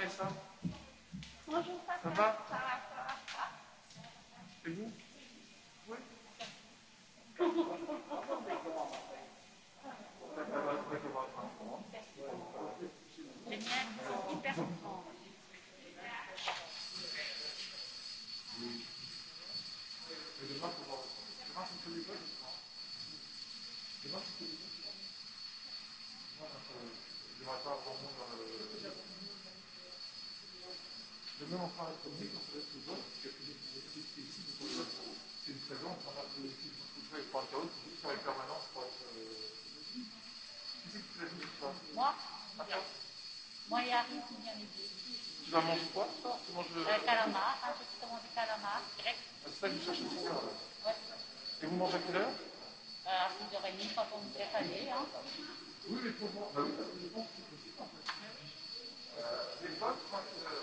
Vanessa Bonjour Ça va Ça va, ça va, ça va. C'est vous Oui. Génial, c'est hyper grand. Oui. Mais demain, il faut voir. Demain, c'est tous les je crois. Demain, c'est tous les je Demain, je ne vais pas avoir mon. Euh, voulons en parler comme chronique, on se laisse les parce qu'il y a plus de ici, donc on c'est une présence, on a le petit bout de pour le carreau, c'est juste faire une permanence pour être. Qui euh, c'est qui te l'a toi Moi Moi a rien qui vient m'aider. Tu vas manger quoi Tu manges le. calamar, un petit commande de calamar, grec. Ah, c'est ça que vous cherchez pour ça, Ouais. Et vous mangez à quelle heure euh, À 6h30 quand on me fait aller. Hein. Oui, mais pour moi, bah oui, parce que je pense que c'est possible en fait. Euh, les potes, quand. Euh...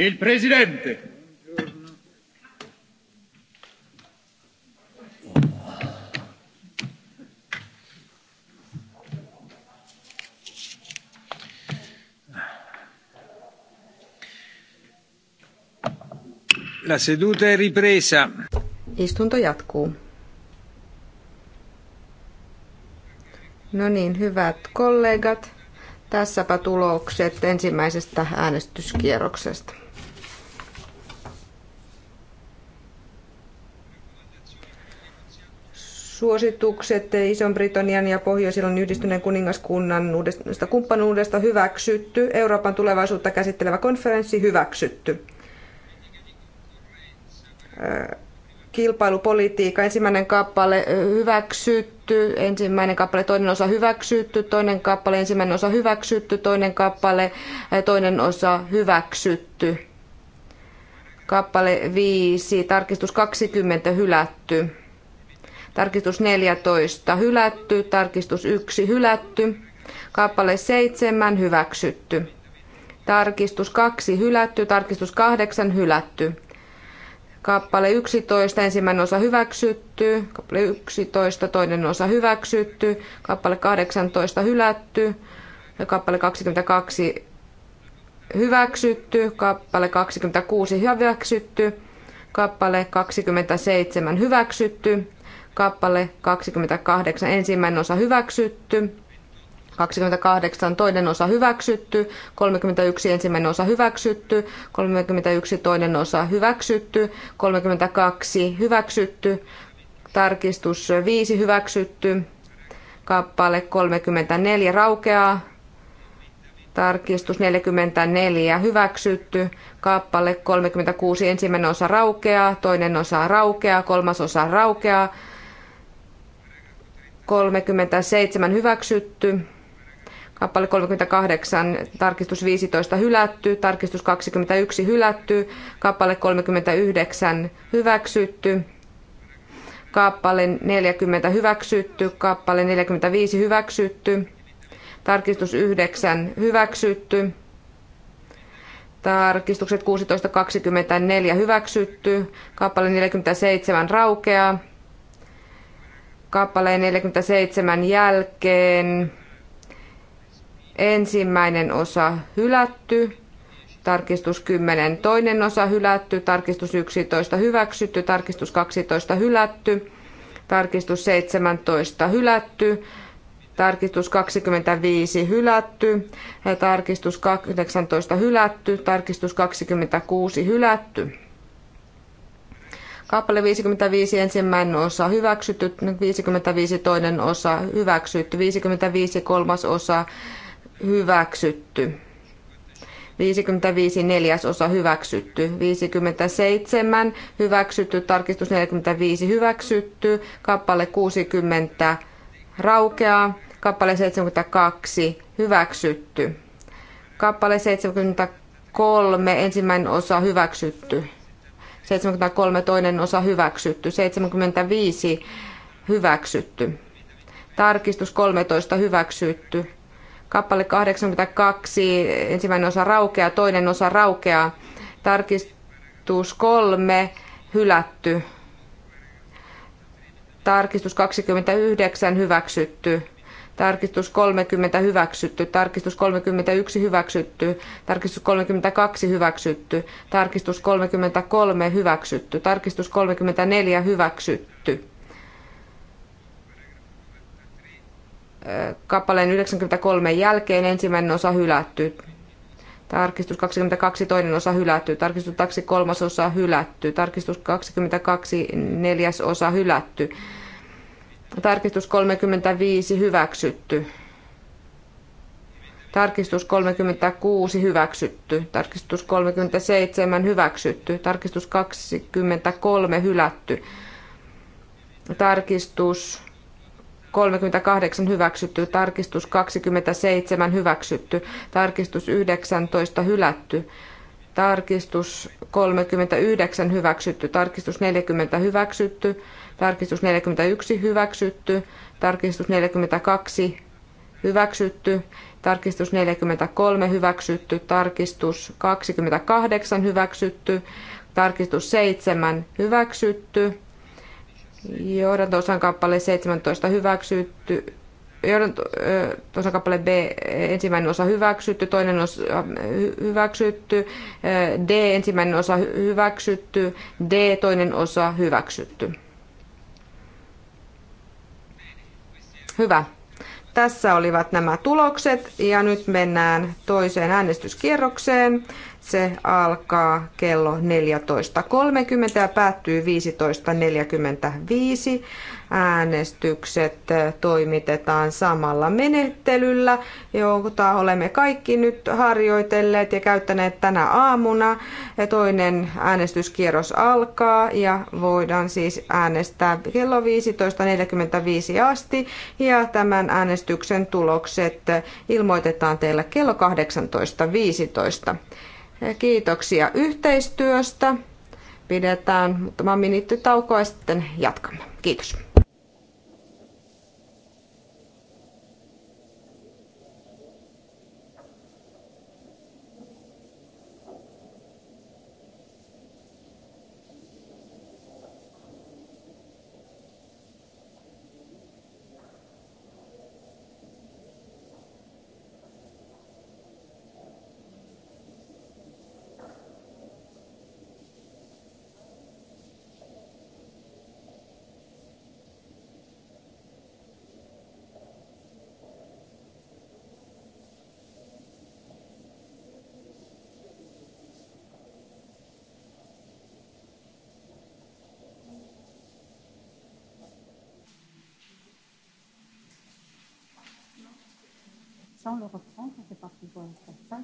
Il presidente. La seduta è ripresa. Istunto jatkuu. No niin, hyvät kollegat. Tässäpä tulokset ensimmäisestä äänestyskierroksesta. suositukset Ison-Britannian ja Pohjois-Irlannin yhdistyneen kuningaskunnan uudesta kumppanuudesta hyväksytty, Euroopan tulevaisuutta käsittelevä konferenssi hyväksytty. Kilpailupolitiikka, ensimmäinen kappale hyväksytty, ensimmäinen kappale, toinen osa hyväksytty, toinen kappale, ensimmäinen osa hyväksytty, toinen kappale, toinen osa hyväksytty kappale 5, tarkistus 20 hylätty. Tarkistus 14 hylätty, tarkistus 1 hylätty, kappale 7 hyväksytty. Tarkistus 2 hylätty, tarkistus 8 hylätty. Kappale 11, ensimmäinen osa hyväksytty, kappale 11, toinen osa hyväksytty, kappale 18 hylätty, ja kappale 22 hyväksytty, kappale 26 hyväksytty, kappale 27 hyväksytty, kappale 28 ensimmäinen osa hyväksytty, 28 toinen osa hyväksytty, 31 ensimmäinen osa hyväksytty, 31 toinen osa hyväksytty, 32 hyväksytty, tarkistus 5 hyväksytty, kappale 34 raukeaa, tarkistus 44 hyväksytty, kappale 36 ensimmäinen osa raukeaa, toinen osa raukeaa, kolmas osa raukeaa, 37 hyväksytty, kappale 38, tarkistus 15 hylätty, tarkistus 21 hylätty, kappale 39 hyväksytty, kappale 40 hyväksytty, kappale 45 hyväksytty, tarkistus 9 hyväksytty, tarkistukset 16.24 hyväksytty, kappale 47 raukeaa, kappaleen 47 jälkeen. Ensimmäinen osa hylätty, tarkistus 10 toinen osa hylätty, tarkistus 11 hyväksytty, tarkistus 12 hylätty, tarkistus 17 hylätty, tarkistus 25 hylätty, tarkistus 18 hylätty, tarkistus 26 hylätty. Kappale 55 ensimmäinen osa hyväksytty, 55 toinen osa hyväksytty, 55 kolmas osa hyväksytty. 55 neljäs osa hyväksytty, 57 hyväksytty, tarkistus 45 hyväksytty, kappale 60 raukeaa, kappale 72 hyväksytty, kappale 73 ensimmäinen osa hyväksytty, 73 toinen osa hyväksytty, 75 hyväksytty, tarkistus 13 hyväksytty, kappale 82, ensimmäinen osa raukea, toinen osa raukea, tarkistus 3 hylätty, tarkistus 29 hyväksytty, Tarkistus 30 hyväksytty. Tarkistus 31 hyväksytty. Tarkistus 32 hyväksytty. Tarkistus 33 hyväksytty. Tarkistus 34 hyväksytty. Kappaleen 93 jälkeen ensimmäinen osa hylätty. Tarkistus 22 toinen osa hylätty. Tarkistus 23 kolmas osa hylätty. Tarkistus 22 neljäs osa hylätty Tarkistus 35 hyväksytty. Tarkistus 36 hyväksytty. Tarkistus 37 hyväksytty. Tarkistus 23 hylätty. Tarkistus 38 hyväksytty, tarkistus 27 hyväksytty, tarkistus 19 hylätty, tarkistus 39 hyväksytty, tarkistus 40 hyväksytty, Tarkistus 41 hyväksytty. Tarkistus 42 hyväksytty. Tarkistus 43 hyväksytty. Tarkistus 28 hyväksytty. Tarkistus 7 hyväksytty. johdantosan kappale 17 hyväksytty. johdanto kappale B ensimmäinen osa hyväksytty, toinen osa hyväksytty, D ensimmäinen osa hyväksytty, D toinen osa hyväksytty. Hyvä. Tässä olivat nämä tulokset ja nyt mennään toiseen äänestyskierrokseen. Se alkaa kello 14.30 ja päättyy 15.45. Äänestykset eh, toimitetaan samalla menettelyllä, jota olemme kaikki nyt harjoitelleet ja käyttäneet tänä aamuna. Ja toinen äänestyskierros alkaa ja voidaan siis äänestää kello 15.45 asti. Ja tämän äänestyksen tulokset eh, ilmoitetaan teillä kello 18.15. Kiitoksia yhteistyöstä. Pidetään muutama minuutti taukoa ja sitten jatkamme. Kiitos. sans le refrain, ça fait partie de ça,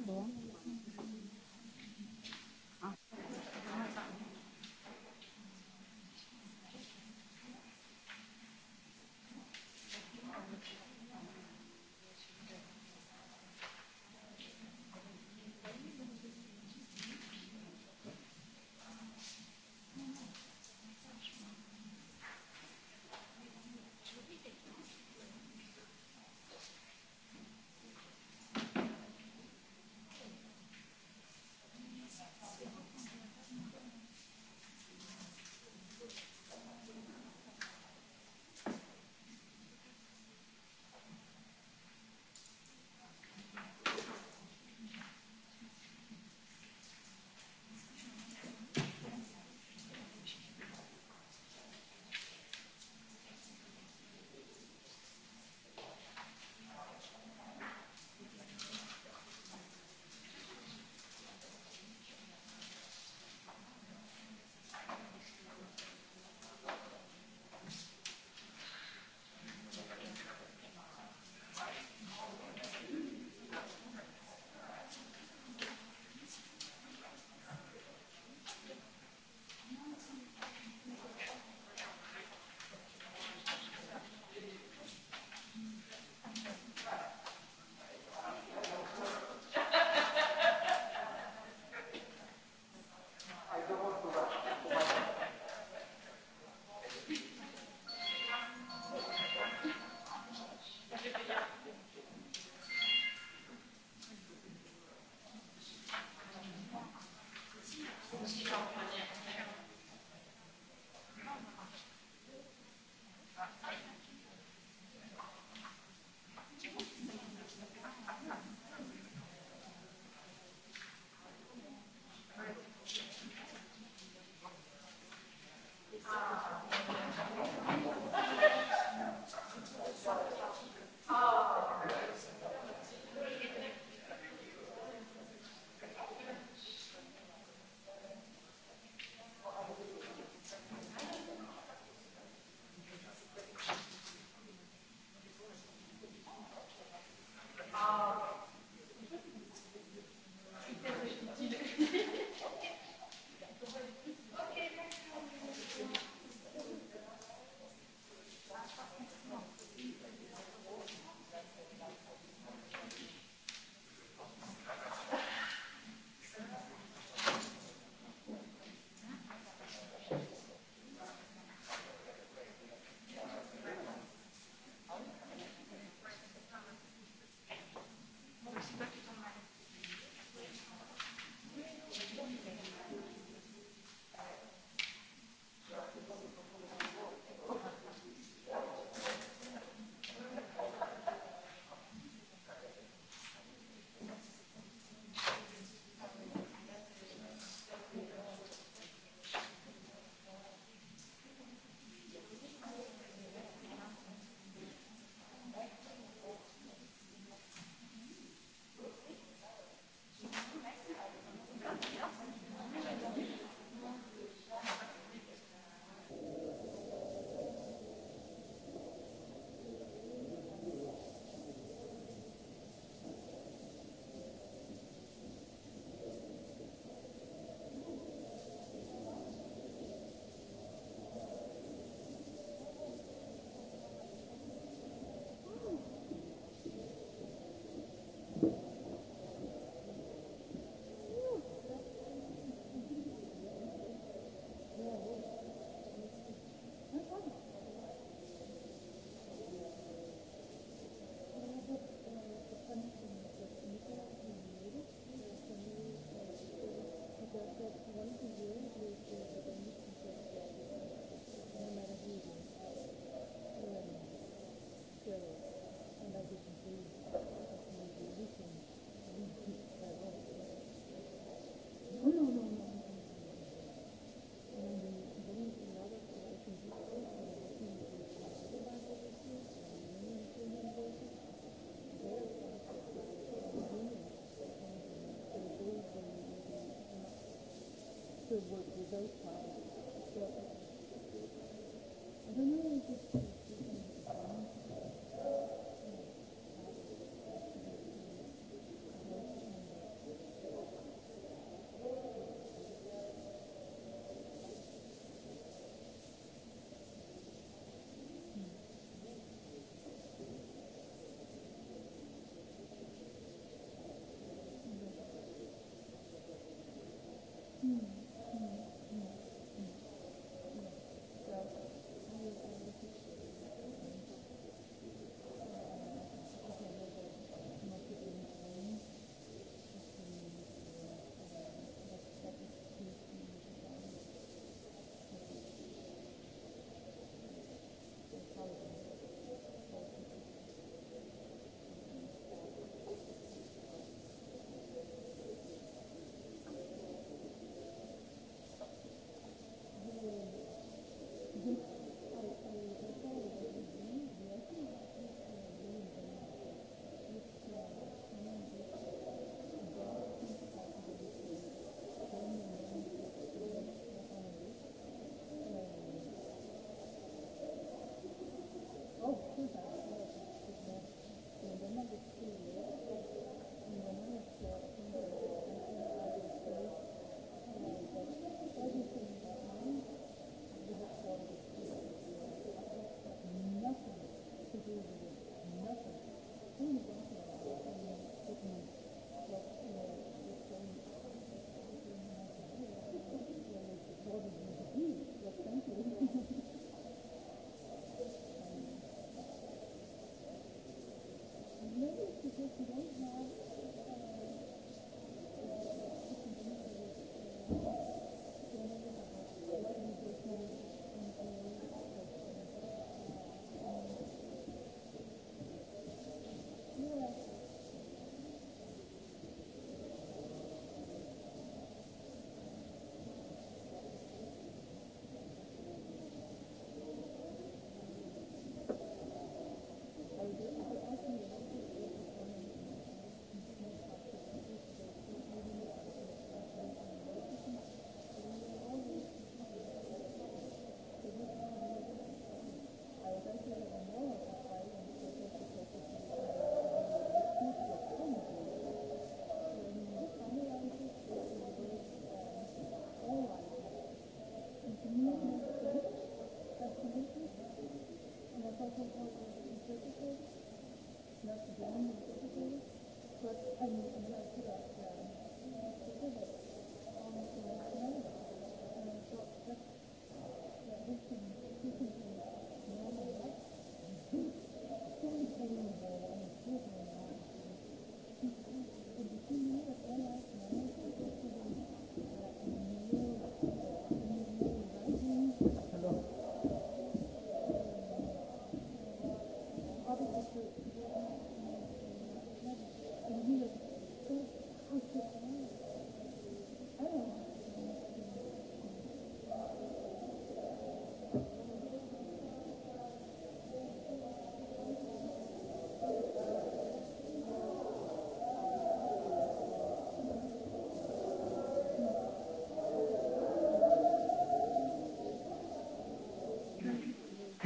stor bristvara.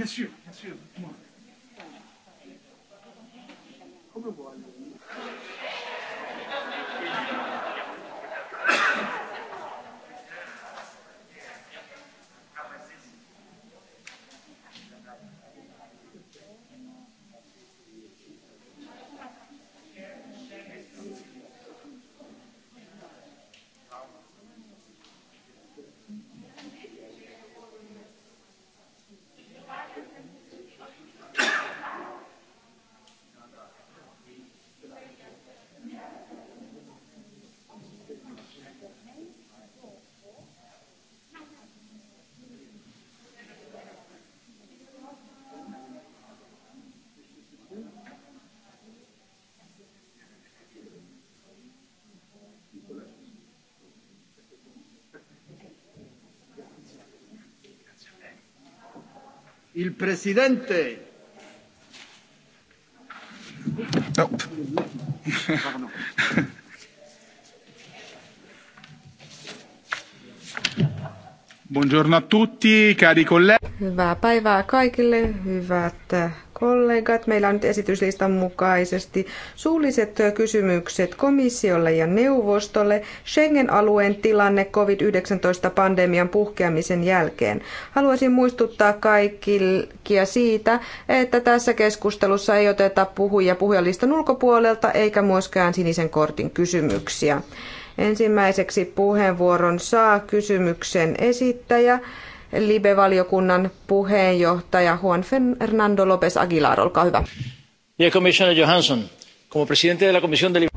His shoe. His shoe. Il presidente. No. Oh. Pardon. Buongiorno a tutti, cari colleghi. Hyvää päivää kaikille, hyvät kollegat, meillä on nyt esityslistan mukaisesti suulliset kysymykset komissiolle ja neuvostolle Schengen-alueen tilanne COVID-19-pandemian puhkeamisen jälkeen. Haluaisin muistuttaa kaikkia siitä, että tässä keskustelussa ei oteta puhujia puhujalistan ulkopuolelta eikä myöskään sinisen kortin kysymyksiä. Ensimmäiseksi puheenvuoron saa kysymyksen esittäjä. Libe-valiokunnan puheenjohtaja Juan Fernando López Aguilar, olkaa hyvä. Johansson, como presidente de la Comisión de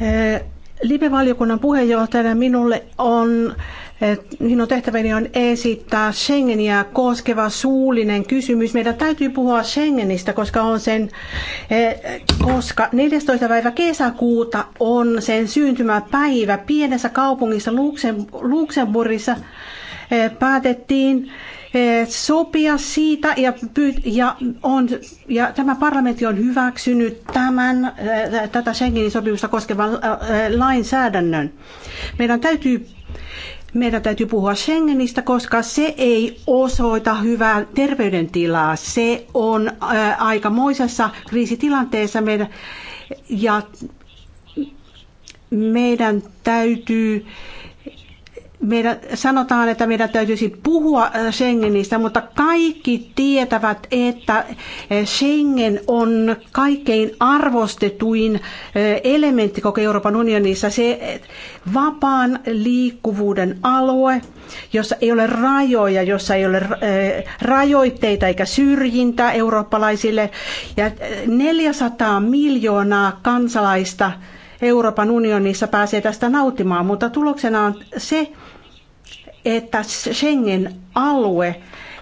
eh, Libe-valiokunnan puheenjohtajana minulle on, eh, minun tehtäväni on esittää Schengeniä koskeva suullinen kysymys. Meidän täytyy puhua Schengenistä, koska on sen, eh, koska 14. päivä kesäkuuta on sen syntymäpäivä pienessä kaupungissa Luxemburgissa. Eh, päätettiin eh, sopia siitä ja, ja, on, ja tämä parlamentti on hyväksynyt tämän, eh, tätä Schengenin sopimusta koskevan lainsäädännön. Meidän täytyy meidän täytyy puhua Schengenistä, koska se ei osoita hyvää terveydentilaa. Se on ää, aikamoisessa kriisitilanteessa meidän, ja meidän täytyy ää, meidän, sanotaan, että meidän täytyisi puhua äh, Schengenistä, mutta kaikki tietävät, että äh, Schengen on kaikkein arvostetuin äh, elementti koko Euroopan unionissa. Se vapaan liikkuvuuden alue, jossa ei ole rajoja, jossa ei ole rajoitteita eikä syrjintää eurooppalaisille. Ja 400 miljoonaa kansalaista Euroopan unionissa pääsee tästä nauttimaan, mutta tuloksena on se, että Schengen-alue,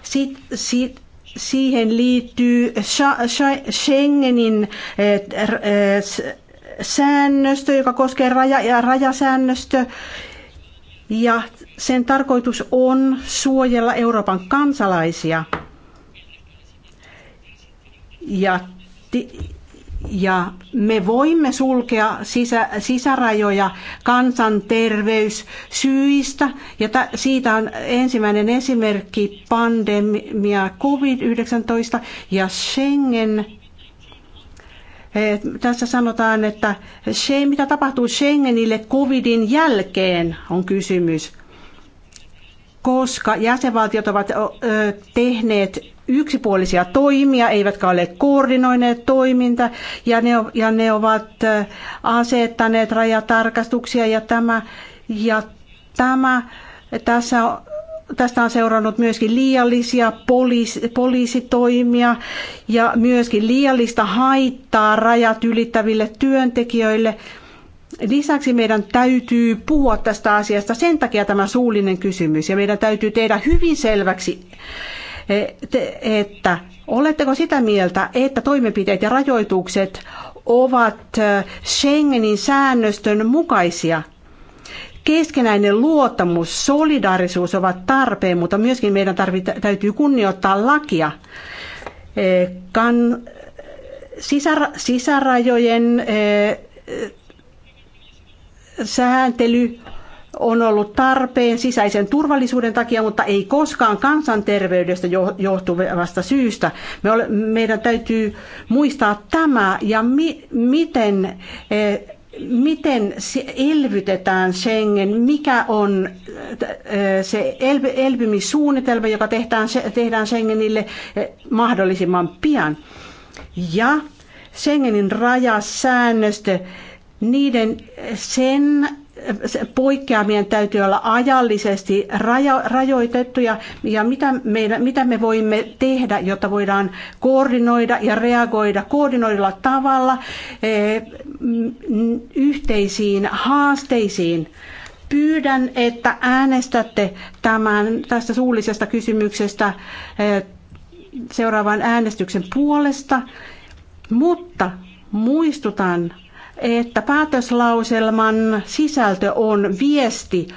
sit, sit, siihen liittyy Schengenin eh, eh, säännöstö, joka koskee raja- ja rajasäännöstö, ja sen tarkoitus on suojella Euroopan kansalaisia. Ja ja me voimme sulkea sisä, sisärajoja kansanterveyssyistä. Ja ta, siitä on ensimmäinen esimerkki pandemia COVID-19 ja Schengen. Tässä sanotaan, että se, mitä tapahtuu Schengenille COVIDin jälkeen on kysymys koska jäsenvaltiot ovat tehneet yksipuolisia toimia, eivätkä ole koordinoineet toiminta ja ne, ja ne ovat asettaneet rajatarkastuksia ja tämä, ja tämä tässä on, tästä on seurannut myöskin liiallisia poliisi, poliisitoimia ja myöskin liiallista haittaa rajat ylittäville työntekijöille. Lisäksi meidän täytyy puhua tästä asiasta, sen takia tämä suullinen kysymys, ja meidän täytyy tehdä hyvin selväksi E, että oletteko sitä mieltä, että toimenpiteet ja rajoitukset ovat Schengenin säännöstön mukaisia? Keskenäinen luottamus, solidaarisuus ovat tarpeen, mutta myöskin meidän tarvita, täytyy kunnioittaa lakia. E, kan, sisär, sisärajojen e, sääntely on ollut tarpeen sisäisen turvallisuuden takia, mutta ei koskaan kansanterveydestä johtuvasta syystä. Me ole, meidän täytyy muistaa tämä ja mi, miten eh, miten elvytetään Schengen, mikä on eh, se elpymissuunnitelma, joka tehdään, tehdään Schengenille eh, mahdollisimman pian. Ja Schengenin rajasäännöstö, niiden sen poikkeamien täytyy olla ajallisesti rajo, rajoitettuja ja mitä, meidän, mitä me voimme tehdä, jotta voidaan koordinoida ja reagoida koordinoidulla tavalla eh, yhteisiin haasteisiin. Pyydän, että äänestätte tämän, tästä suullisesta kysymyksestä eh, seuraavan äänestyksen puolesta, mutta muistutan että päätöslauselman sisältö on viesti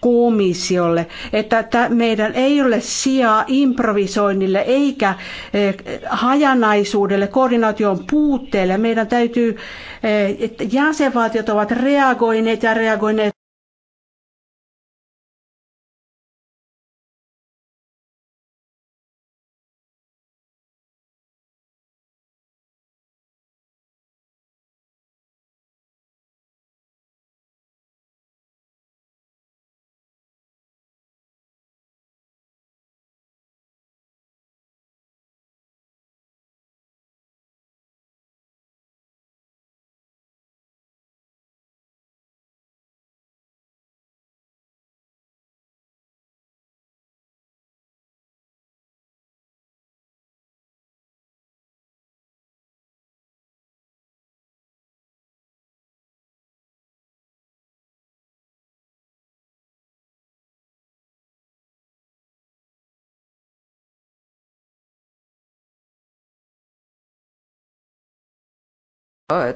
komissiolle, että meidän ei ole sijaa improvisoinnille eikä eh, hajanaisuudelle, koordinaation puutteelle. Meidän täytyy, eh, että jäsenvaltiot ovat reagoineet ja reagoineet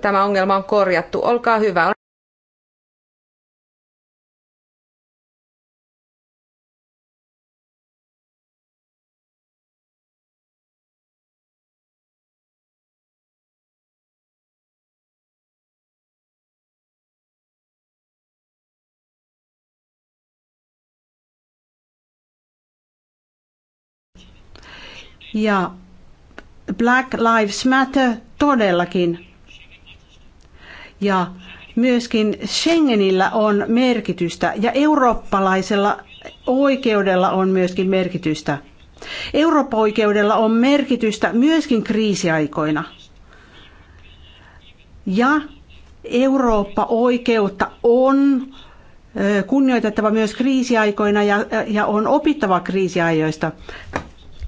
tämä ongelma on korjattu. Olkaa hyvä. Ja Black Lives Matter todellakin ja myöskin Schengenillä on merkitystä ja eurooppalaisella oikeudella on myöskin merkitystä. Eurooppa-oikeudella on merkitystä myöskin kriisiaikoina. Ja Eurooppa-oikeutta on kunnioitettava myös kriisiaikoina ja, ja on opittava kriisiajoista.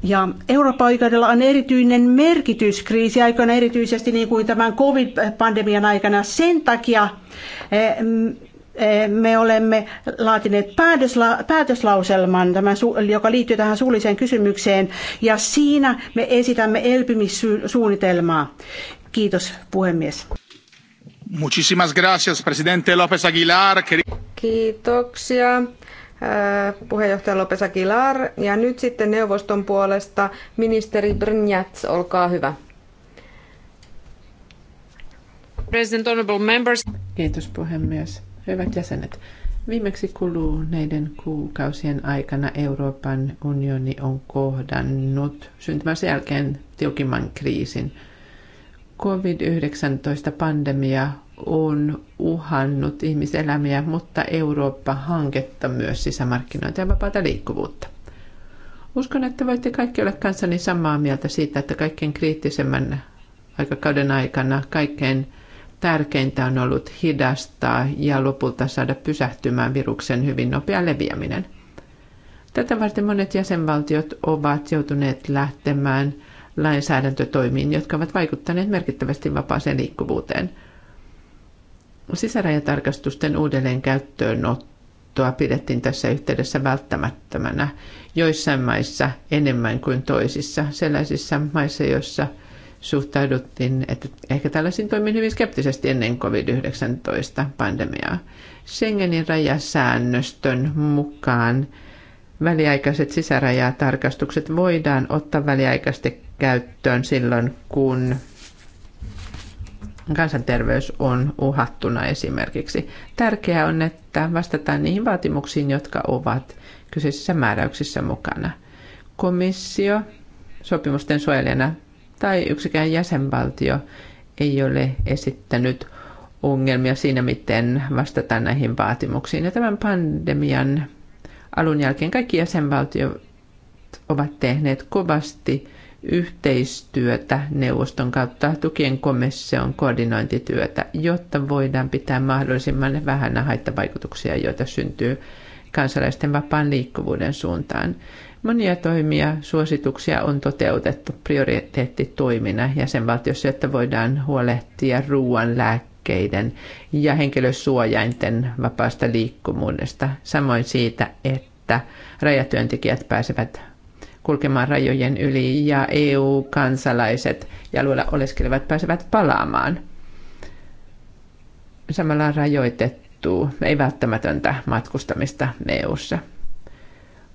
Ja Euroopan oikeudella on erityinen merkitys kriisiaikoina, erityisesti niin kuin tämän covid-pandemian aikana. Sen takia eh, eh, me olemme laatineet päätösla, päätöslauselman, tämän, joka liittyy tähän suulliseen kysymykseen, ja siinä me esitämme elpymissuunnitelmaa. Kiitos puhemies. Muchísimas gracias, presidente López Aguilar. Kiitoksia Äh, puheenjohtaja Lopes Aguilar. Ja nyt sitten neuvoston puolesta ministeri Brnjats, olkaa hyvä. President, honorable members. Kiitos puhemies. Hyvät jäsenet. Viimeksi kuluneiden kuukausien aikana Euroopan unioni on kohdannut syntymänsä jälkeen tiukimman kriisin. COVID-19-pandemia on uhannut ihmiselämiä, mutta Eurooppa-hanketta myös sisämarkkinoita ja vapaata liikkuvuutta. Uskon, että voitte kaikki olla kanssani samaa mieltä siitä, että kaikkein kriittisemmän aikakauden aikana kaikkein tärkeintä on ollut hidastaa ja lopulta saada pysähtymään viruksen hyvin nopea leviäminen. Tätä varten monet jäsenvaltiot ovat joutuneet lähtemään lainsäädäntötoimiin, jotka ovat vaikuttaneet merkittävästi vapaaseen liikkuvuuteen – sisärajatarkastusten uudelleen käyttöönottoa pidettiin tässä yhteydessä välttämättömänä joissain maissa enemmän kuin toisissa, sellaisissa maissa, joissa suhtauduttiin että ehkä tällaisiin toimiin hyvin skeptisesti ennen COVID-19-pandemiaa. Schengenin rajasäännöstön mukaan väliaikaiset sisärajatarkastukset voidaan ottaa väliaikaisesti käyttöön silloin, kun kansanterveys on uhattuna esimerkiksi. Tärkeää on, että vastataan niihin vaatimuksiin, jotka ovat kyseisissä määräyksissä mukana. Komissio sopimusten suojelijana tai yksikään jäsenvaltio ei ole esittänyt ongelmia siinä, miten vastataan näihin vaatimuksiin. Ja tämän pandemian alun jälkeen kaikki jäsenvaltiot ovat tehneet kovasti yhteistyötä neuvoston kautta, tukien komission koordinointityötä, jotta voidaan pitää mahdollisimman vähän haittavaikutuksia, joita syntyy kansalaisten vapaan liikkuvuuden suuntaan. Monia toimia, suosituksia on toteutettu prioriteettitoimina jäsenvaltiossa, että voidaan huolehtia ruoan, lääkkeiden ja henkilösuojainten vapaasta liikkuvuudesta. Samoin siitä, että rajatyöntekijät pääsevät kulkemaan rajojen yli ja EU-kansalaiset ja alueella oleskelevat pääsevät palaamaan. Samalla on rajoitettu, ei välttämätöntä matkustamista EU-ssa.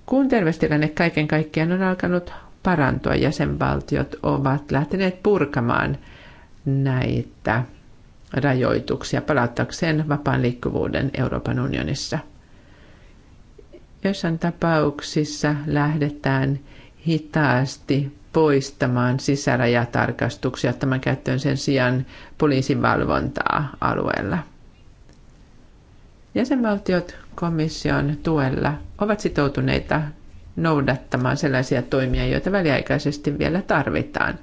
Kun terveystilanne kaiken kaikkiaan on alkanut parantua, jäsenvaltiot ovat lähteneet purkamaan näitä rajoituksia palauttakseen vapaan liikkuvuuden Euroopan unionissa. Joissain tapauksissa lähdetään hitaasti poistamaan sisärajatarkastuksia, tämän käyttöön sen sijaan poliisin valvontaa alueella. Jäsenvaltiot komission tuella ovat sitoutuneita noudattamaan sellaisia toimia, joita väliaikaisesti vielä tarvitaan,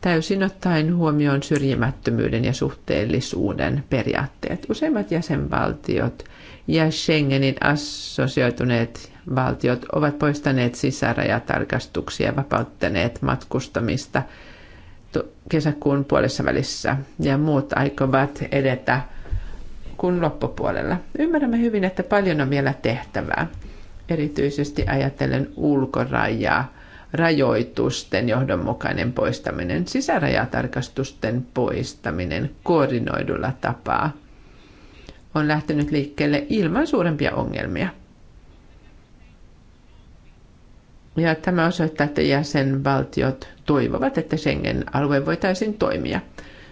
täysin ottaen huomioon syrjimättömyyden ja suhteellisuuden periaatteet. Useimmat jäsenvaltiot ja Schengenin assosioituneet valtiot ovat poistaneet sisärajatarkastuksia ja vapauttaneet matkustamista kesäkuun puolessa välissä ja muut aikovat edetä kuin loppupuolella. Ymmärrämme hyvin, että paljon on vielä tehtävää, erityisesti ajatellen ulkorajaa, rajoitusten johdonmukainen poistaminen, sisärajatarkastusten poistaminen koordinoidulla tapaa on lähtenyt liikkeelle ilman suurempia ongelmia. Ja tämä osoittaa, että jäsenvaltiot toivovat, että Schengen-alue voitaisiin toimia.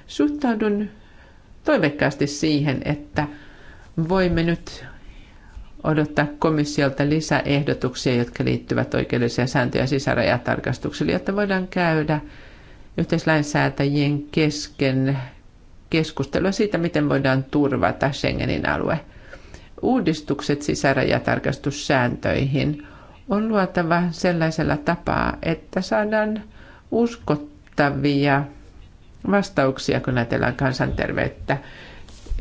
Suhtaudun toivekkaasti siihen, että voimme nyt odottaa komissiolta lisäehdotuksia, jotka liittyvät oikeudellisia sääntöjä sisärajatarkastuksille, jotta voidaan käydä yhteislainsäätäjien kesken keskustelua siitä, miten voidaan turvata Schengenin alue. Uudistukset sisärajatarkastussääntöihin – on luotava sellaisella tapaa, että saadaan uskottavia vastauksia, kun ajatellaan kansanterveyttä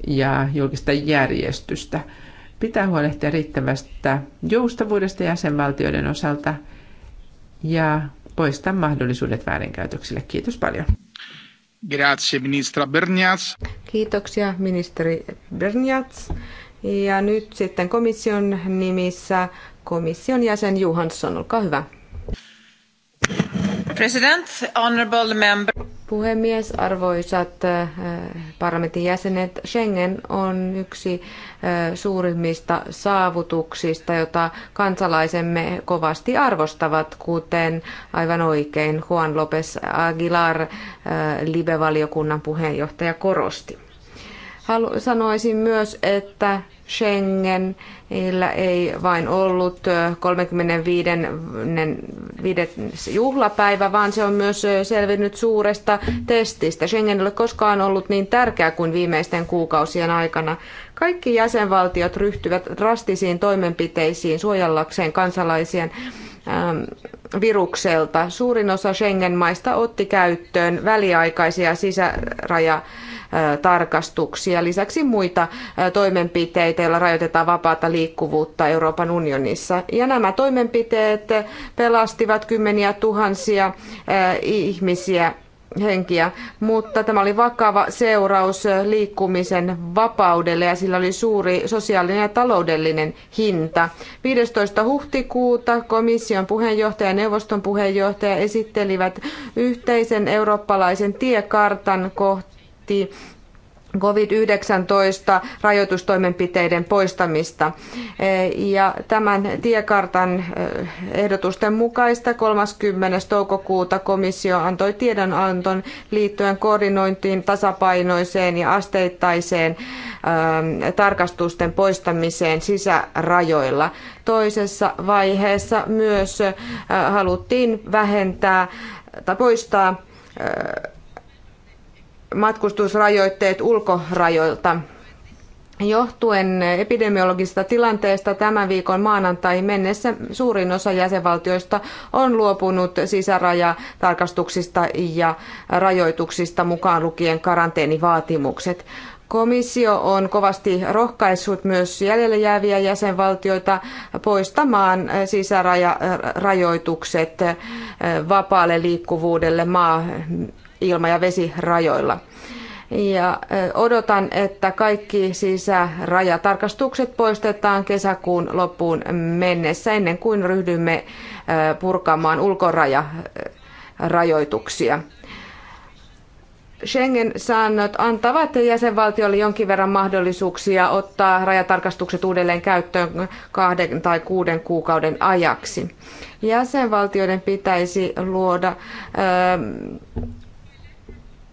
ja julkista järjestystä. Pitää huolehtia riittävästä joustavuudesta jäsenvaltioiden osalta ja poistaa mahdollisuudet väärinkäytöksille. Kiitos paljon. Grazie, ministra Bernias. Kiitoksia, ministeri Bernias. Ja nyt sitten komission nimissä komission jäsen Johansson, olkaa hyvä. President, honorable member. Puhemies, arvoisat äh, parlamentin jäsenet, Schengen on yksi äh, suurimmista saavutuksista, jota kansalaisemme kovasti arvostavat, kuten aivan oikein Juan López Aguilar, äh, Libe-valiokunnan puheenjohtaja, korosti. Halu- sanoisin myös, että Schengen, Heillä ei vain ollut 35. juhlapäivä, vaan se on myös selvinnyt suuresta testistä. Schengen ei ole koskaan ollut niin tärkeä kuin viimeisten kuukausien aikana. Kaikki jäsenvaltiot ryhtyvät drastisiin toimenpiteisiin suojallakseen kansalaisien virukselta. Suurin osa Schengen-maista otti käyttöön väliaikaisia sisäraja tarkastuksia. Lisäksi muita toimenpiteitä, joilla rajoitetaan vapaata liikkuvuutta Euroopan unionissa. Ja nämä toimenpiteet pelastivat kymmeniä tuhansia ihmisiä henkiä, mutta tämä oli vakava seuraus liikkumisen vapaudelle ja sillä oli suuri sosiaalinen ja taloudellinen hinta. 15. huhtikuuta komission puheenjohtaja ja neuvoston puheenjohtaja esittelivät yhteisen eurooppalaisen tiekartan kohti vaati COVID-19 rajoitustoimenpiteiden poistamista. Ja tämän tiekartan ehdotusten mukaista 30. toukokuuta komissio antoi tiedonanton liittyen koordinointiin tasapainoiseen ja asteittaiseen tarkastusten poistamiseen sisärajoilla. Toisessa vaiheessa myös haluttiin vähentää tai poistaa matkustusrajoitteet ulkorajoilta. Johtuen epidemiologisesta tilanteesta tämän viikon maanantai mennessä suurin osa jäsenvaltioista on luopunut sisärajatarkastuksista ja rajoituksista mukaan lukien karanteenivaatimukset. Komissio on kovasti rohkaissut myös jäljelle jääviä jäsenvaltioita poistamaan sisärajarajoitukset vapaalle liikkuvuudelle maa ilma- ja vesirajoilla. Ja odotan, että kaikki sisärajatarkastukset poistetaan kesäkuun loppuun mennessä ennen kuin ryhdymme purkamaan ulkorajarajoituksia. Schengen-säännöt antavat jäsenvaltiolle jonkin verran mahdollisuuksia ottaa rajatarkastukset uudelleen käyttöön kahden tai kuuden kuukauden ajaksi. Jäsenvaltioiden pitäisi luoda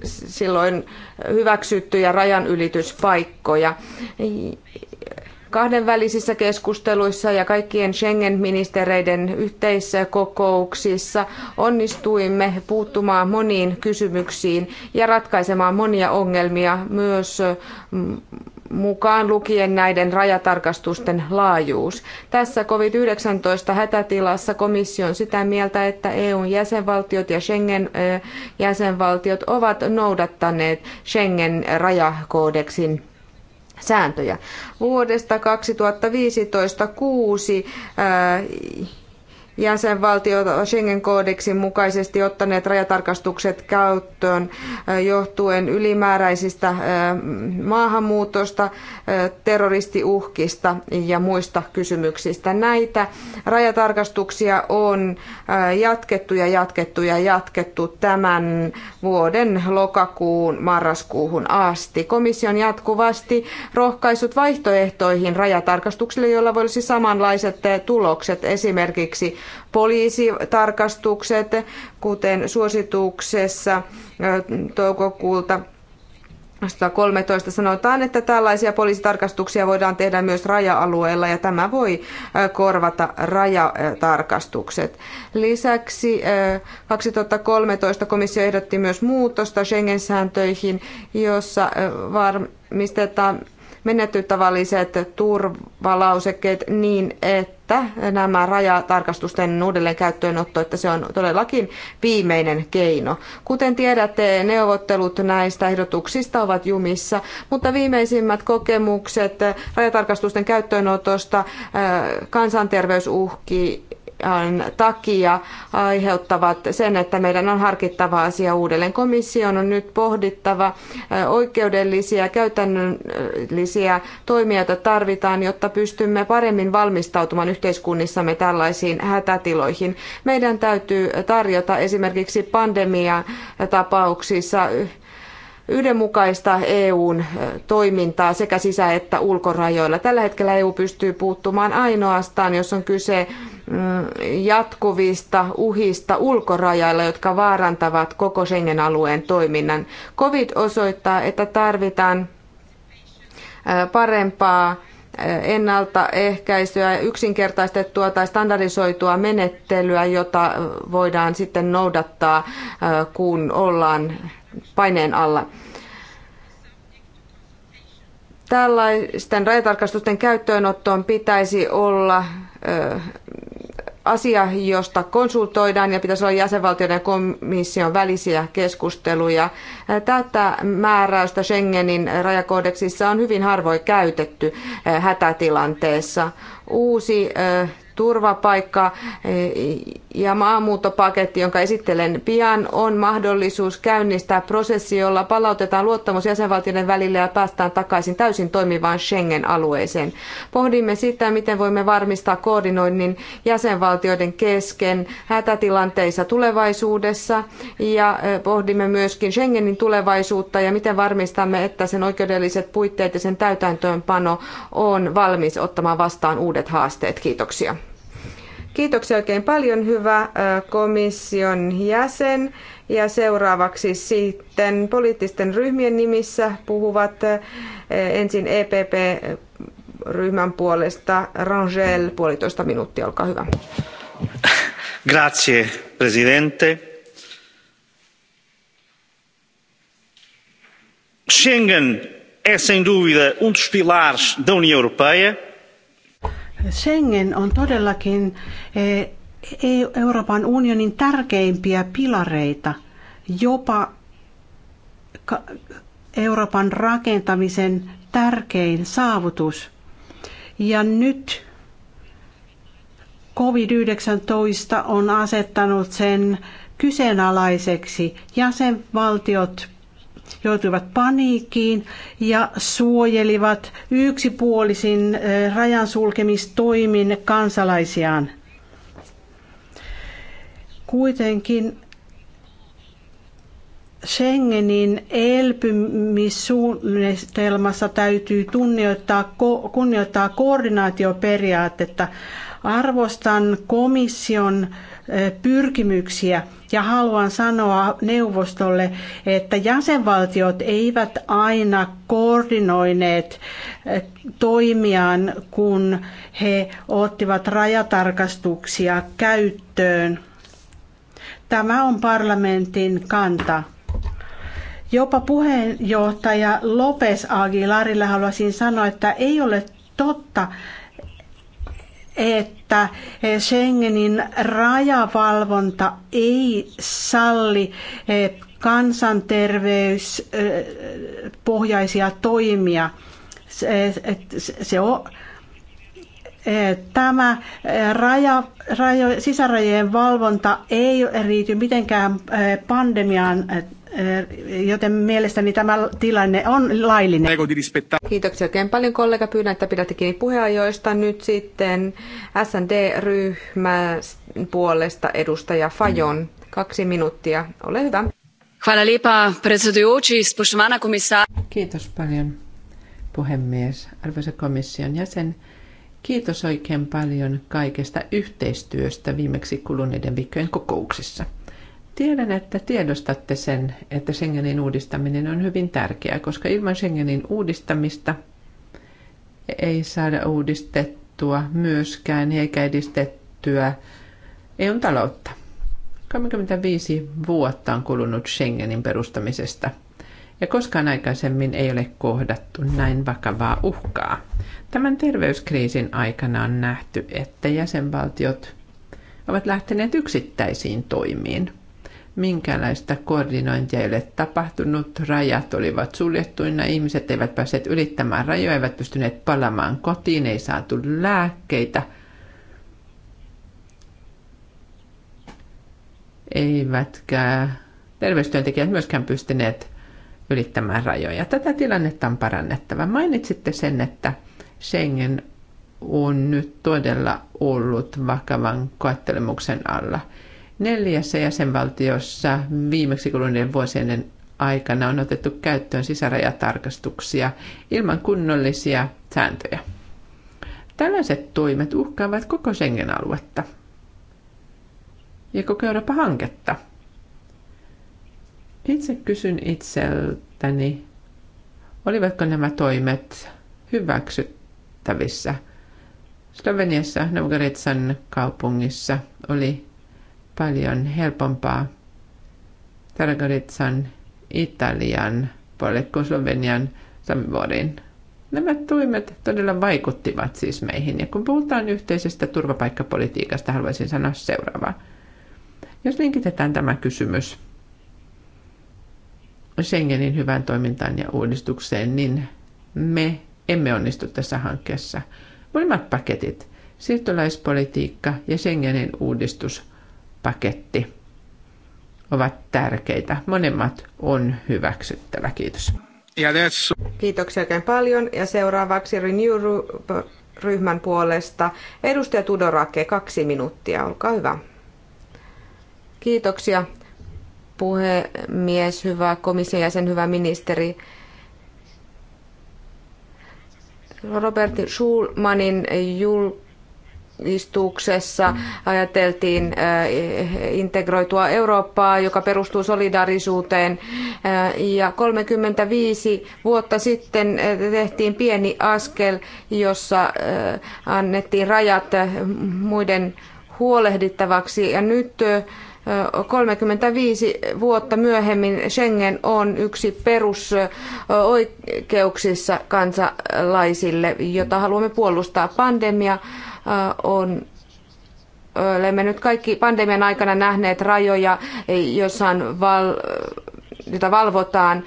silloin hyväksyttyjä rajanylityspaikkoja. Kahdenvälisissä keskusteluissa ja kaikkien Schengen-ministereiden yhteiskokouksissa onnistuimme puuttumaan moniin kysymyksiin ja ratkaisemaan monia ongelmia myös mukaan lukien näiden rajatarkastusten laajuus. Tässä COVID-19-hätätilassa komissio on sitä mieltä, että EUn jäsenvaltiot ja Schengen-jäsenvaltiot ovat noudattaneet Schengen-rajakoodeksin sääntöjä. Vuodesta 2015 kuusi jäsenvaltiot Schengen-koodiksin mukaisesti ottaneet rajatarkastukset käyttöön johtuen ylimääräisistä maahanmuutosta, terroristiuhkista ja muista kysymyksistä. Näitä rajatarkastuksia on jatkettu ja jatkettu ja jatkettu tämän vuoden lokakuun marraskuuhun asti. Komissio on jatkuvasti rohkaissut vaihtoehtoihin rajatarkastuksille, joilla voisi samanlaiset tulokset esimerkiksi poliisitarkastukset, kuten suosituksessa toukokuulta 2013 sanotaan, että tällaisia poliisitarkastuksia voidaan tehdä myös raja-alueella ja tämä voi korvata rajatarkastukset. Lisäksi 2013 komissio ehdotti myös muutosta Schengen-sääntöihin, jossa varmistetaan menettelytavalliset turvalausekkeet niin, että nämä rajatarkastusten uudelleen käyttöönotto, että se on todellakin viimeinen keino. Kuten tiedätte, neuvottelut näistä ehdotuksista ovat jumissa, mutta viimeisimmät kokemukset rajatarkastusten käyttöönotosta kansanterveysuhki takia aiheuttavat sen, että meidän on harkittava asia uudelleen. Komission on nyt pohdittava oikeudellisia ja käytännöllisiä toimia, joita tarvitaan, jotta pystymme paremmin valmistautumaan yhteiskunnissamme tällaisiin hätätiloihin. Meidän täytyy tarjota esimerkiksi pandemiatapauksissa yhdenmukaista EUn toimintaa sekä sisä- että ulkorajoilla. Tällä hetkellä EU pystyy puuttumaan ainoastaan, jos on kyse mm, jatkuvista uhista ulkorajailla, jotka vaarantavat koko Schengen-alueen toiminnan. Covid osoittaa, että tarvitaan parempaa ennaltaehkäisyä, yksinkertaistettua tai standardisoitua menettelyä, jota voidaan sitten noudattaa, kun ollaan paineen alla. Tällaisten rajatarkastusten käyttöönottoon pitäisi olla asia, josta konsultoidaan ja pitäisi olla jäsenvaltioiden ja komission välisiä keskusteluja. Tätä määräystä Schengenin rajakoodeksissa on hyvin harvoin käytetty hätätilanteessa. Uusi turvapaikka ja maahanmuuttopaketti, jonka esittelen pian, on mahdollisuus käynnistää prosessi, jolla palautetaan luottamus jäsenvaltioiden välillä ja päästään takaisin täysin toimivaan Schengen-alueeseen. Pohdimme sitä, miten voimme varmistaa koordinoinnin jäsenvaltioiden kesken hätätilanteissa tulevaisuudessa ja pohdimme myöskin Schengenin tulevaisuutta ja miten varmistamme, että sen oikeudelliset puitteet ja sen täytäntöönpano on valmis ottamaan vastaan uudet haasteet. Kiitoksia. Kiitoksia oikein paljon, hyvä komission jäsen. Ja seuraavaksi sitten poliittisten ryhmien nimissä puhuvat ensin EPP-ryhmän puolesta Rangel, puolitoista minuuttia, olkaa hyvä. Grazie, presidente. Schengen è sem dubbio um dei pilares dell'Unione Europea. Schengen on todellakin eh, Euroopan unionin tärkeimpiä pilareita, jopa Euroopan rakentamisen tärkein saavutus. Ja nyt COVID-19 on asettanut sen kyseenalaiseksi. Jäsenvaltiot joutuivat paniikkiin ja suojelivat yksipuolisin eh, rajan sulkemistoimin kansalaisiaan. Kuitenkin Schengenin elpymissuunnitelmassa täytyy tunnioittaa, kunnioittaa koordinaatioperiaatetta. Arvostan komission pyrkimyksiä. Ja haluan sanoa neuvostolle, että jäsenvaltiot eivät aina koordinoineet toimiaan, kun he ottivat rajatarkastuksia käyttöön. Tämä on parlamentin kanta. Jopa puheenjohtaja Lopes Aguilarille haluaisin sanoa, että ei ole totta, että Schengenin rajavalvonta ei salli eh, kansanterveyspohjaisia toimia. Se, on, eh, tämä eh, raja, rajo, sisärajojen valvonta ei liity mitenkään pandemiaan Joten mielestäni tämä tilanne on laillinen. Kiitoksia oikein paljon kollega. Pyydän, että pidätte kiinni puheajoista. Nyt sitten SND-ryhmän puolesta edustaja Fajon. Kaksi minuuttia. Ole hyvä. Hvala komissaari. Kiitos paljon, puhemies, arvoisa komission jäsen. Kiitos oikein paljon kaikesta yhteistyöstä viimeksi kuluneiden viikkojen kokouksissa. Tiedän, että tiedostatte sen, että Schengenin uudistaminen on hyvin tärkeää, koska ilman Schengenin uudistamista ei saada uudistettua myöskään eikä edistettyä EUn taloutta. 35 vuotta on kulunut Schengenin perustamisesta ja koskaan aikaisemmin ei ole kohdattu näin vakavaa uhkaa. Tämän terveyskriisin aikana on nähty, että jäsenvaltiot ovat lähteneet yksittäisiin toimiin – minkäänlaista koordinointia ei ole tapahtunut. Rajat olivat suljettuina, ihmiset eivät päässeet ylittämään rajoja, eivät pystyneet palamaan kotiin, ei saatu lääkkeitä. Eivätkä terveystyöntekijät myöskään pystyneet ylittämään rajoja. Tätä tilannetta on parannettava. Mainitsitte sen, että Schengen on nyt todella ollut vakavan koettelemuksen alla – Neljässä jäsenvaltiossa viimeksi kuluneiden vuosien aikana on otettu käyttöön sisärajatarkastuksia ilman kunnollisia sääntöjä. Tällaiset toimet uhkaavat koko Schengen-aluetta ja koko Euroopan hanketta. Itse kysyn itseltäni, olivatko nämä toimet hyväksyttävissä. Sloveniassa Novgorodsan kaupungissa oli paljon helpompaa Targaritsan Italian puolelle kuin Slovenian Samivorin. Nämä toimet todella vaikuttivat siis meihin. Ja kun puhutaan yhteisestä turvapaikkapolitiikasta, haluaisin sanoa seuraavaa. Jos linkitetään tämä kysymys Schengenin hyvään toimintaan ja uudistukseen, niin me emme onnistu tässä hankkeessa. Molemmat paketit, siirtolaispolitiikka ja Schengenin uudistus, paketti ovat tärkeitä. Monemmat on hyväksyttävä. Kiitos. Kiitoksia oikein paljon. Ja seuraavaksi Renew-ryhmän puolesta edustaja Tudorake, kaksi minuuttia. Olkaa hyvä. Kiitoksia puhemies, hyvä komission jäsen, hyvä ministeri. Robert Schulmanin julkaisu istuksessa ajateltiin äh, integroitua Eurooppaa, joka perustuu solidaarisuuteen. Äh, ja 35 vuotta sitten äh, tehtiin pieni askel, jossa annettiin rajat muiden huolehdittavaksi. Ja nyt 35 vuotta myöhemmin Schengen on yksi perusoikeuksissa kansalaisille, jota haluamme puolustaa. Pandemia Äh, on olemme öö, nyt kaikki pandemian aikana nähneet rajoja, joissa val, jota valvotaan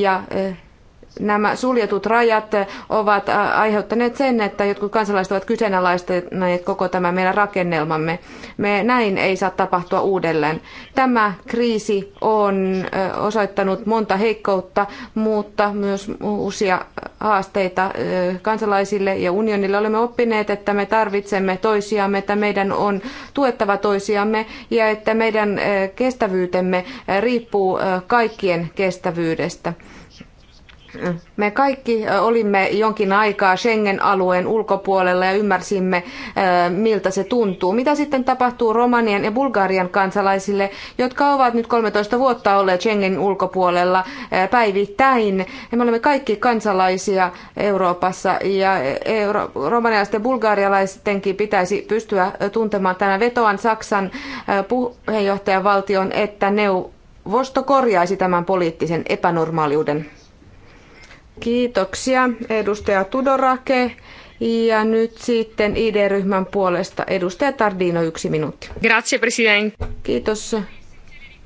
ja öö, nämä suljetut rajat ovat äh, aiheuttaneet sen, että jotkut kansalaiset ovat kyseenalaistaneet koko tämä meidän rakennelmamme. Me näin ei saa tapahtua uudelleen. Tämä kriisi on äh, osoittanut monta heikkoutta, mutta myös uusia haasteita äh, kansalaisille ja unionille. Olemme oppineet, että me tarvitsemme toisiamme, että meidän on tuettava toisiamme ja että meidän kestävyytemme riippuu kaikkien kestävyydestä. Me kaikki olimme jonkin aikaa Schengen-alueen ulkopuolella ja ymmärsimme, miltä se tuntuu. Mitä sitten tapahtuu Romanian ja Bulgarian kansalaisille, jotka ovat nyt 13 vuotta olleet Schengen ulkopuolella päivittäin? Me olemme kaikki kansalaisia Euroopassa ja euro- romanialaisten ja bulgarialaistenkin pitäisi pystyä tuntemaan tänä vetoan Saksan puheenjohtajavaltion, että neuvosto korjaisi tämän poliittisen epänormaaliuden. Kiitoksia edustaja Tudorake. Ja nyt sitten ID-ryhmän puolesta edustaja Tardino, yksi minuutti. Grazie, president. Kiitos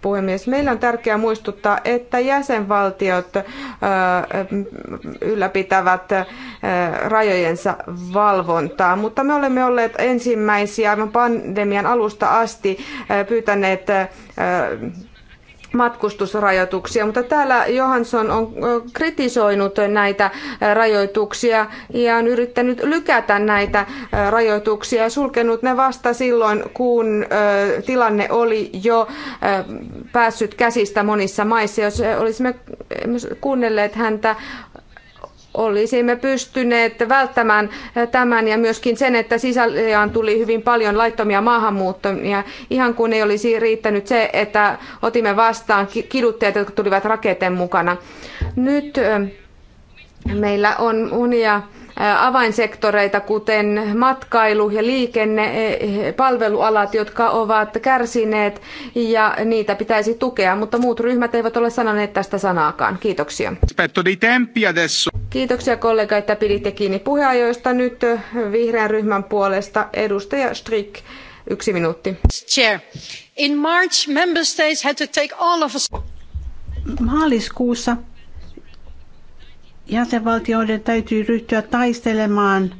puhemies. Meillä on tärkeää muistuttaa, että jäsenvaltiot ylläpitävät rajojensa valvontaa, mutta me olemme olleet ensimmäisiä aivan pandemian alusta asti pyytäneet matkustusrajoituksia, mutta täällä Johansson on kritisoinut näitä rajoituksia ja on yrittänyt lykätä näitä rajoituksia ja sulkenut ne vasta silloin, kun tilanne oli jo päässyt käsistä monissa maissa. Jos olisimme kuunnelleet häntä, olisimme pystyneet välttämään tämän ja myöskin sen, että sisällään tuli hyvin paljon laittomia maahanmuuttomia, ihan kuin ei olisi riittänyt se, että otimme vastaan kiduttajat, jotka tulivat rakeiden mukana. Nyt meillä on monia avainsektoreita, kuten matkailu ja liikenne, e, palvelualat, jotka ovat kärsineet ja niitä pitäisi tukea, mutta muut ryhmät eivät ole sanoneet tästä sanaakaan. Kiitoksia. Kiitoksia kollega, että piditte kiinni puheajoista. Nyt vihreän ryhmän puolesta edustaja Strick. Yksi minuutti. Chair. In March, member states had to take all of us. Maaliskuussa jäsenvaltioiden täytyy ryhtyä taistelemaan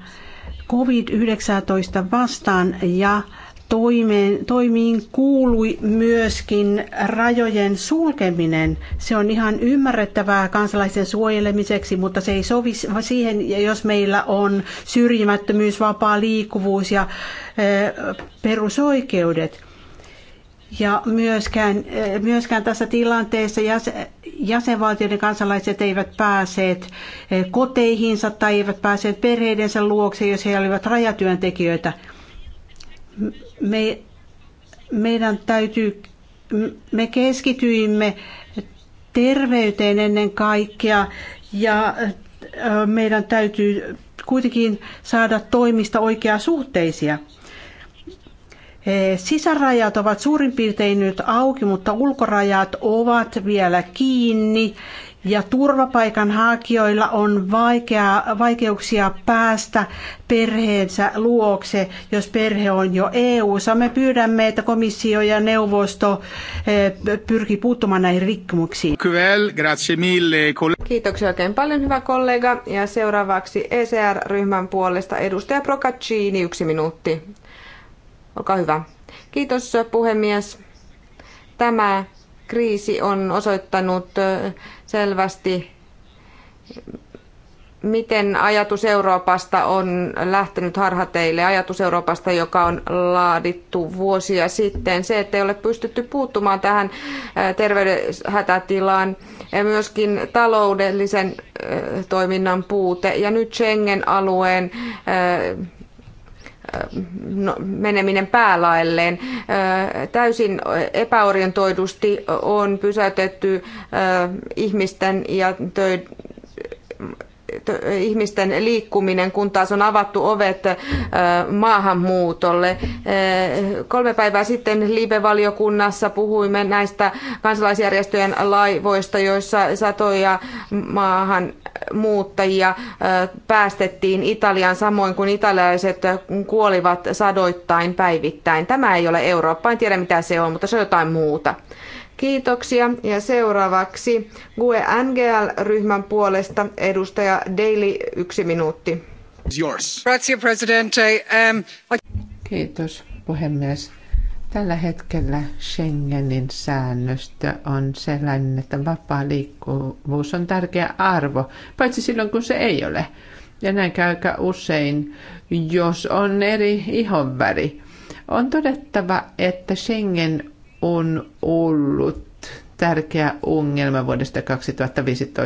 COVID-19 vastaan ja toimeen, toimiin kuului myöskin rajojen sulkeminen. Se on ihan ymmärrettävää kansalaisten suojelemiseksi, mutta se ei sovi siihen, jos meillä on syrjimättömyys, vapaa liikkuvuus ja eh, perusoikeudet. Ja myöskään, eh, myöskään tässä tilanteessa jäsenvaltioiden kansalaiset eivät pääseet eh, koteihinsa tai eivät pääseet perheidensä luokse, jos he olivat rajatyöntekijöitä. Me, meidän täytyy, me keskityimme terveyteen ennen kaikkea ja eh, meidän täytyy kuitenkin saada toimista oikeasuhteisia. suhteisia Sisärajat ovat suurin piirtein nyt auki, mutta ulkorajat ovat vielä kiinni ja turvapaikanhakijoilla on vaikea, vaikeuksia päästä perheensä luokse, jos perhe on jo EU-ssa. Me pyydämme, että komissio ja neuvosto pyrkii puuttumaan näihin rikkomuksiin. Kiitoksia oikein paljon, hyvä kollega. Ja seuraavaksi ECR-ryhmän puolesta edustaja Procaccini, yksi minuutti. Olkaa hyvä. Kiitos puhemies. Tämä kriisi on osoittanut selvästi, miten ajatus Euroopasta on lähtenyt harhateille. Ajatus Euroopasta, joka on laadittu vuosia sitten. Se, että ei ole pystytty puuttumaan tähän terveydenhätätilaan ja myöskin taloudellisen toiminnan puute. Ja nyt Schengen-alueen No, meneminen päälaelleen. Täysin epäorientoidusti on pysäytetty ihmisten ja töiden ihmisten liikkuminen, kun taas on avattu ovet maahanmuutolle. Kolme päivää sitten Libe-valiokunnassa puhuimme näistä kansalaisjärjestöjen laivoista, joissa satoja maahan muuttajia päästettiin Italiaan samoin kuin italialaiset kuolivat sadoittain päivittäin. Tämä ei ole Eurooppa, en tiedä mitä se on, mutta se on jotain muuta. Kiitoksia ja seuraavaksi GUE NGL-ryhmän puolesta edustaja Daily yksi minuutti. Um, Kiitos puhemies. Tällä hetkellä Schengenin säännöstö on sellainen, että vapaa liikkuvuus on tärkeä arvo, paitsi silloin kun se ei ole. Ja näin käy aika usein, jos on eri ihonväri. On todettava, että Schengen on ollut tärkeä ongelma vuodesta 2015